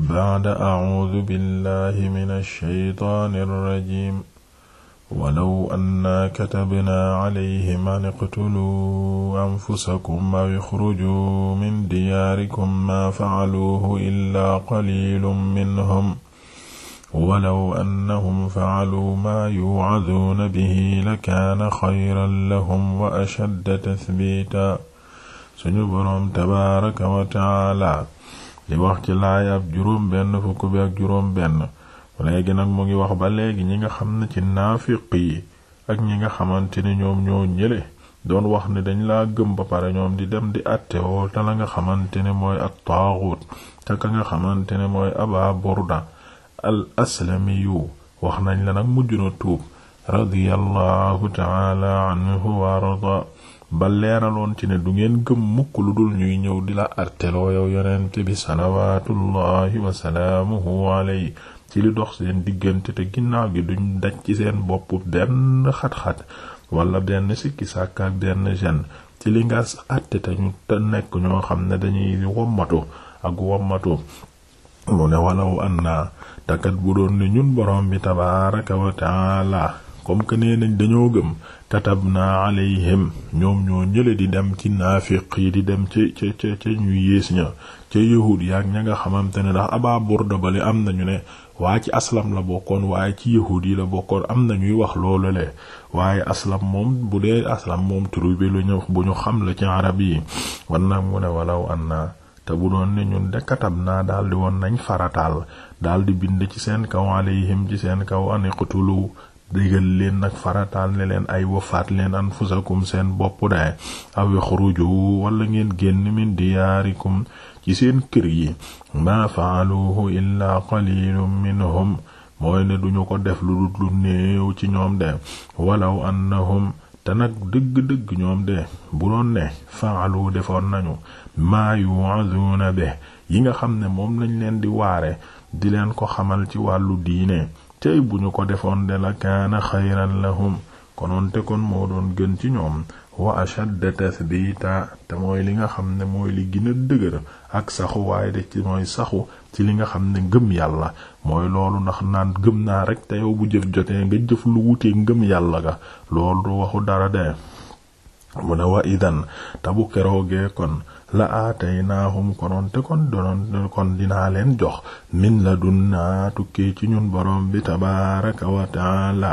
bacda acuudu billahi min alsheytaani alrajim walaw annaa katabnaa calayhim an iqtuluu anfusakum aw ixrujuu min diyaarikum maa facaluuhu illaa qaliilun minhum walaw annahum facaluu maa yuucaduuna bihi lakaana xayran lahum wa ashadda tathbiita suñu boroom tabaaraka wa tacaala di wax ci laaya ab juróom benn fukk bi ak juróom benn léegi nag mu ngi wax ba léegi ñi nga xam ne ci naafiq yi ak ñi nga xamante ni ñoom ñoo ñële doon wax ne dañ laa gëm ba pare ñoom di dem di àtte woo te la nga xamante ne mooy ak taaxut te ka nga xamante ne mooy aba burda al aslamiyu wax nañ la nag mujj na tuub radiyallahu taala anhu wa ba leeraloon ci ne du ngeen gëm mukk lu dul ñuy ñëw di la arteloo yow yonent bi salawaatullahi wasalaamuhu alayhi ci li dox seen diggante te ginnaaw gi duñ daj ci seen boppu benn xat-xat wala benn sikki sàkk ak benn gene ci li nga àtte te nekk ñoo xam ne dañuy wommatu ak wommatu mu ne walaw annaa takat bu doon ne ñun borom bi tabaaraka wa comme que nee nañ dañoo gëm katabna alayhim ñoom ñoo ñële di dem ci naafiq yi di dem ci ca ca ca ñu yées ña ca yahuud yaak ña nga xamante ne ndax abaa burda bale am nañu ne waa ci aslam la bokkoon waaye ci yahuud yi la bokkoon am na ñuy wax loolu le waaye aslam moom bu dee aslam moom tribu bi lu ñu bu ñu xam la ci arab yi wan nag mu ne walaw anna te bu doon ne ñu de katab naa daal di woon nañ farataal daal di bind ci seen kaw alayhim ci seen kaw aniqtulu dëggal leen nag faratal ne leen ay wafaat leen anfusakum seen bopp daay aw yaxruju wala ngeen génn min diyaarikum ci seen kër yi maa faaluhu illaa qalilun minhum mooy ne duñu ko def lu dut lu néew ci ñoom de walaw annahum te nag dëgg-dëgg ñoom de bu doon ne faalu defoon nañu maa yu'azuna be yi nga xam ne moom lañ leen di waare di leen ko xamal ci wàllu diine tey bu ñu ko defoon de la kaana xayran lahum kononte kon moo doon gën ci ñoom wa bi tathbita te mooy li nga xam ne mooy li gën a dëgër ak saxu waaye de ci mooy saxu ci li nga xam ne ngëm yàlla mooy loolu ndax naan gëm naa rek te yow bu jëf jotee nga jëf lu wutee ngëm yàlla ga loolu du waxu dara de mu ne wa idan tabu keroogee kon la aataynaahum konoon te kon donoon kon dinaa leen jox min la dunnaa tukkee ci ñun borom bi tabaaraka wa taala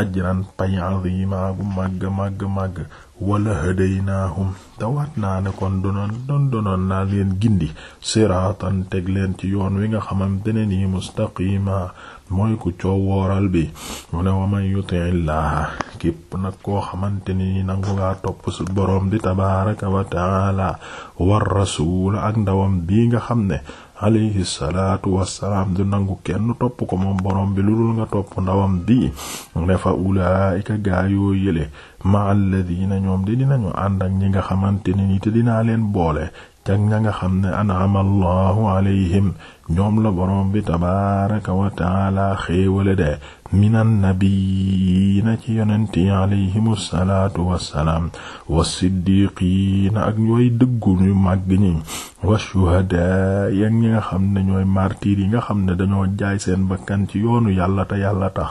ajran pay azima gu màgg màgg màgg wala hadaynahum te waat naa ne kon donoon doon donoon na leen gindi siratan teg leen ci yoon wi nga xamante ne yi mustaqima mooy ku coowooral bi mu ne wa man yuti'illah képp nag koo xamante ni nangu ngaa topp su boroom di tabaaraka wa war rasuula ak ndawam bii nga xam ne alayhi salaatu wassalaam du nangu kenn topp ko moom borom bi lu dul nga topp ndawam bi ne fa ulaa'ika gaayoo yële ma alladina ñoom de dinañu ànd ak ñi nga xamante ne ni te dinaa leen boole ca ña nga xam ne an'ama allahu alayhim ñoom la boroom bi tabaaraka wa taala xéewale de minan nabiyiina ci yonent yi alayhimu salaatu wassalaam wa siddiqiina ak ñooy dëggu ñu màgg ñi wa shuhadaa ak ñi nga xam ne ñooy martiir yi nga xam ne dañoo jaay seen bakkan ci yoonu yàlla te yàlla tax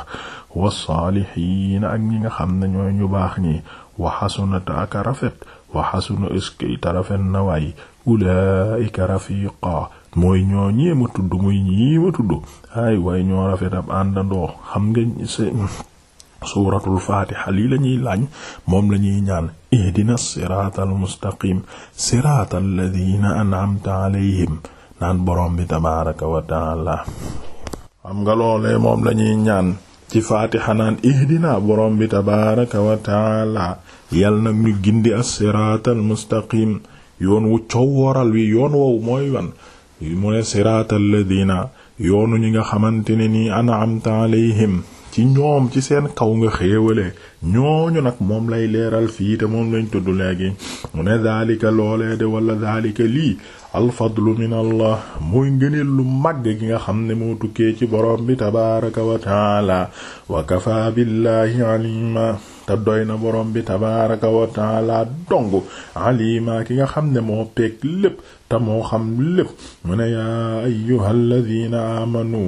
wa saalihiina ak ñi nga xam ne ñooy ñu baax ñi wa xasunata ak rafet wa xasuna iskay tarafet na waay ulaika rafiqa mooy ñoo ñee ma tudd muy ñii tudd ay waaye ñoo rafet ab àndandoo xam nga suuratul faatiha lii la ñuy laaj moom lañuy ñaan ihdina siraatal mustaqim siraatal ladina an'amta alayhim naan borom bi tabaaraka wa xam nga loolee moom la ñaan ci faatiha naan ihdina borom bi tabaaraka wa yal nag ñu gindi as siraatal yoon wu coow waral wi yoon woowu mooy wan mu ne siraatal ladina yoonu ñi nga xamante ne nii an'amta alayhim ci ñoom ci seen kaw nga xéewale ñooñu nag moom lay leeral fii te moom lañ tudd léegi mu ne daalika loolee de wala daalika lii alfadlu min allah mooy ngëneel lu màgg gi nga xam ne moo tukkee ci boroom bi tabaaraka wa taala wa kafa te doy na boroom bi tabaaraka wa taala dong alima ki nga xam ne moo peeg lépp te moo xam lépp mu ne yaa ayyuhal ladina amanu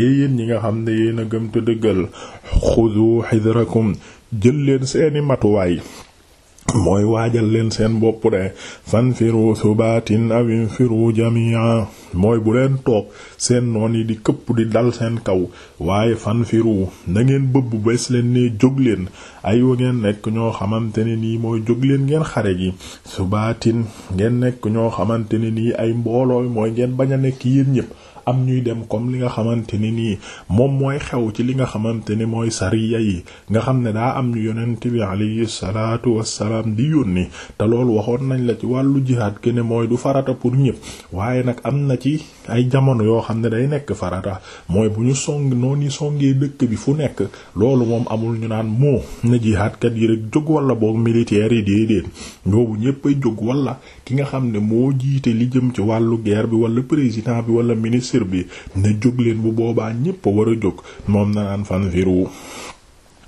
yéen ñi nga xam ne yéen a gëm te dëggal xudu xidrakum jël leen seeni matuwaay mooy waajal leen seen bopp de fanfiru subatin aw infiru jamia mooy bu leen toog seen noon yi di këpp di dal seen kaw waaye fanfiru na ngeen bëbb bés leen ne jóg leen ay wa ngeen nekk ñoo xamante ne nii mooy jóg leen ngeen xare gi subatin ngeen nekk ñoo xamante ne nii ay mboolooy mooy ngeen bañ a nekk yéen ñépp am ñuy dem comme li nga xamante ne nii moom mooy xew ci li nga xamante ne mooy sariya yi nga xam ne daa am ñu yonent bi alayhi salaatu wassalaam di yónni te loolu waxoon nañ la ci wàllu jihaad ke ne mooy du farata pour ñëpp waaye nag am na ci ay jamono yoo xam ne day nekk farata mooy bu ñu song noonu songee dëkk bi fu nekk loolu moom amul ñu naan moo na jihaadkat yi rek jóg wala boog militaires yi déedéet boobu ñëpp ay jóg wala ki nga xam ne moo jiite li jëm ci wàllu guerre bi wala président bi wala ministre bi ne jóg bu boobaa ñépp war a jóg moom na naan fan fanfiru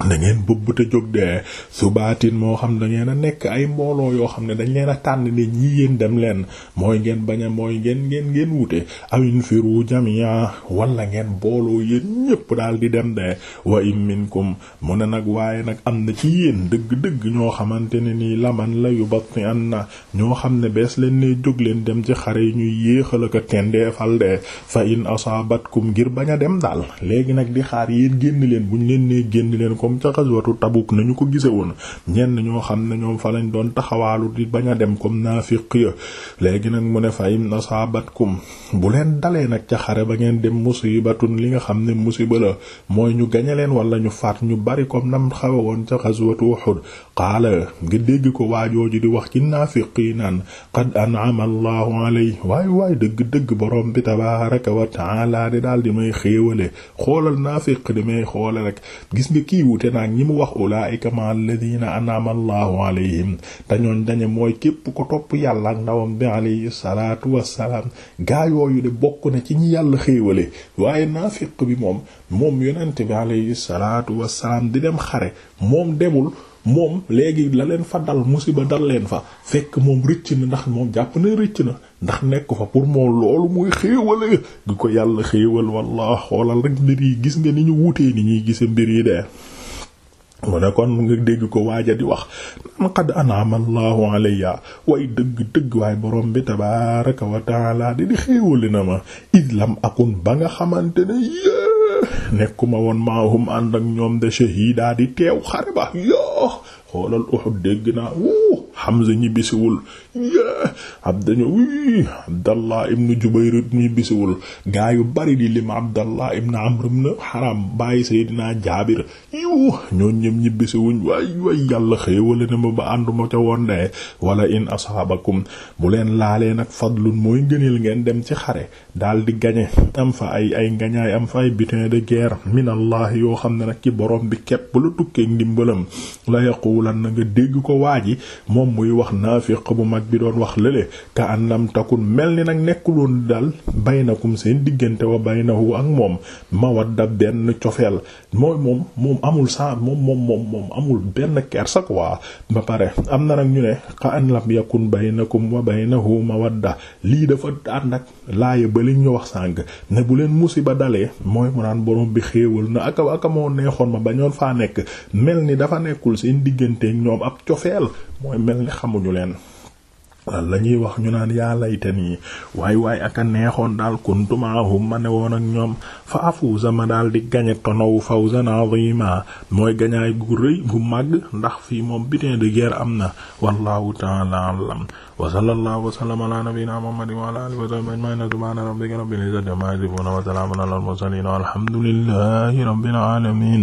na ngeen bëbb te jóg de su subaatin moo xam da ngeen a nekk ay mbooloo yoo xam ne dañ leen a tànn ne ñi yéen dem leen mooy ngeen bañ a mooy ngeen ngeen ngeen wute aw infiru jamia wala ngeen booloo yéen ñépp daal di dem de wa im minkum mu ne nag waaye nag am na ci yéen dëgg-dëgg ñoo xamante ne nii laman la yu batti an na ñoo xam ne bees leen ne jóg leen dem ci xare yi ñuy yéexal ak tendeefal de fa in asaabatkum ngir bañ a dem daal léegi nag di xaar yéen génn leen buñ leen ne leen ko comme ca xaswatu Tabuk nañu ko gise woon ñenn ñoo xam ne ñoom fa lañu doon taxawaalu di bañ a dem comme naafiq ya léegi nag mu ne fayim nasabatkum bu leen dalee nag ca xare ba ngeen dem musibatun li nga xam ne musiba la mooy ñu gañe leen wala ñu faat ñu bari comme nam xawe woon ca xaswatu Uhud qaala nga dégg ko waajooju di wax ci naafiq yi naan qad an'ama allahu alay waay waay dëgg dëgg boroom bi tabaaraka wa ta'ala di daal di may xéewale xoolal naafiq di te naag ñi mu wax ulaa'ika ma alladina an'ama allahu alayhim te ñooñ dañe mooy képp ko topp yàlla ak ndawam bi alayhi salaatu wassalaam gaa yu de bokk na ci ñi yàlla xéewale waaye naafiq bi moom moom yonent bi alayhi salaatu wassalaam di dem xare moom demul moom léegi la leen fa dal musiba dal leen fa fekk moom rëcc na ndax moom jàpp na rëcc na ndax nekk fa pour moom loolu muy xéewale gi ko yàlla xéewal wallah xoolal rek mbir yi gis nga ni ñu wutee ni ñuy gise mbir yi de mu ne kon nga dégg ko waaja di wax man qad an'ama allahu alayya way dëgg dëgg waay borom bi tabaraka wa taala di di xéewali na ma id lam akun ba nga xamante ne yée nekkuma woon maahum ànd ak ñoom de shahida di teew xare ba yoo xoolal Uhud dégg naa wuu Hamza ñibbisiwul abdañu wi Abdallah ibnu Jubayr ñibbisiwul gaa yu bari di lim Abdallah ibnu Amr ibnu Haram bàyyi Seydina Jaabir yu ñoo ñëm ñibbisiwuñ waay waay yàlla xéewale na ma ba ànduma ca woon wala in asxaabakum bu leen laalee nag fadlun mooy ngëneel ngeen dem ci xare daal di gañe am fa ay ay ngañaay am fa ay butin de guerre minallahi yoo xam ne nag ci boroom bi képp la tukkee ndimbalam la yaqulan na dégg ko waaji moom moom muy wax naafiq bu mag bi doon wax lële kaanam an mel ni nag nekkuloon daal baynakum seen diggante wa baynahu ak moom mawadda benn cofeel mooy moom moom amul sa moom moom amul benn kersa quoi ba pare am na nag ñu ne ka an lam yakun baynakum wa baynahu mawadda lii dafa ànd ak laaya ba li wax sànq ne bu leen musiba dalee mooy mu naan borom bi xéewal na aka aka moo neexoon ma bañoon faa nekk mel ni dafa nekkul seen diggante ñoom ab cofeel mooy mel ni xamuñu leen wal la ñuy wax ñu naan yaa layta nii waay waaye ak a neexoon daal kuntumaahum ma ne woon ak ñoom fa afuusa ma daal di gañe tonow fawzan azima mooy gañaay gu rëy gu màgg ndax fii moom butin de guerre am na wallahu ta'ala a'lam wa sallallahu wa sallama ala nabiyyina muhammadin wa ala alihi wa sahbihi ajma'in subhana rabbika rabbil izzati amma yasifun wa salamun ala al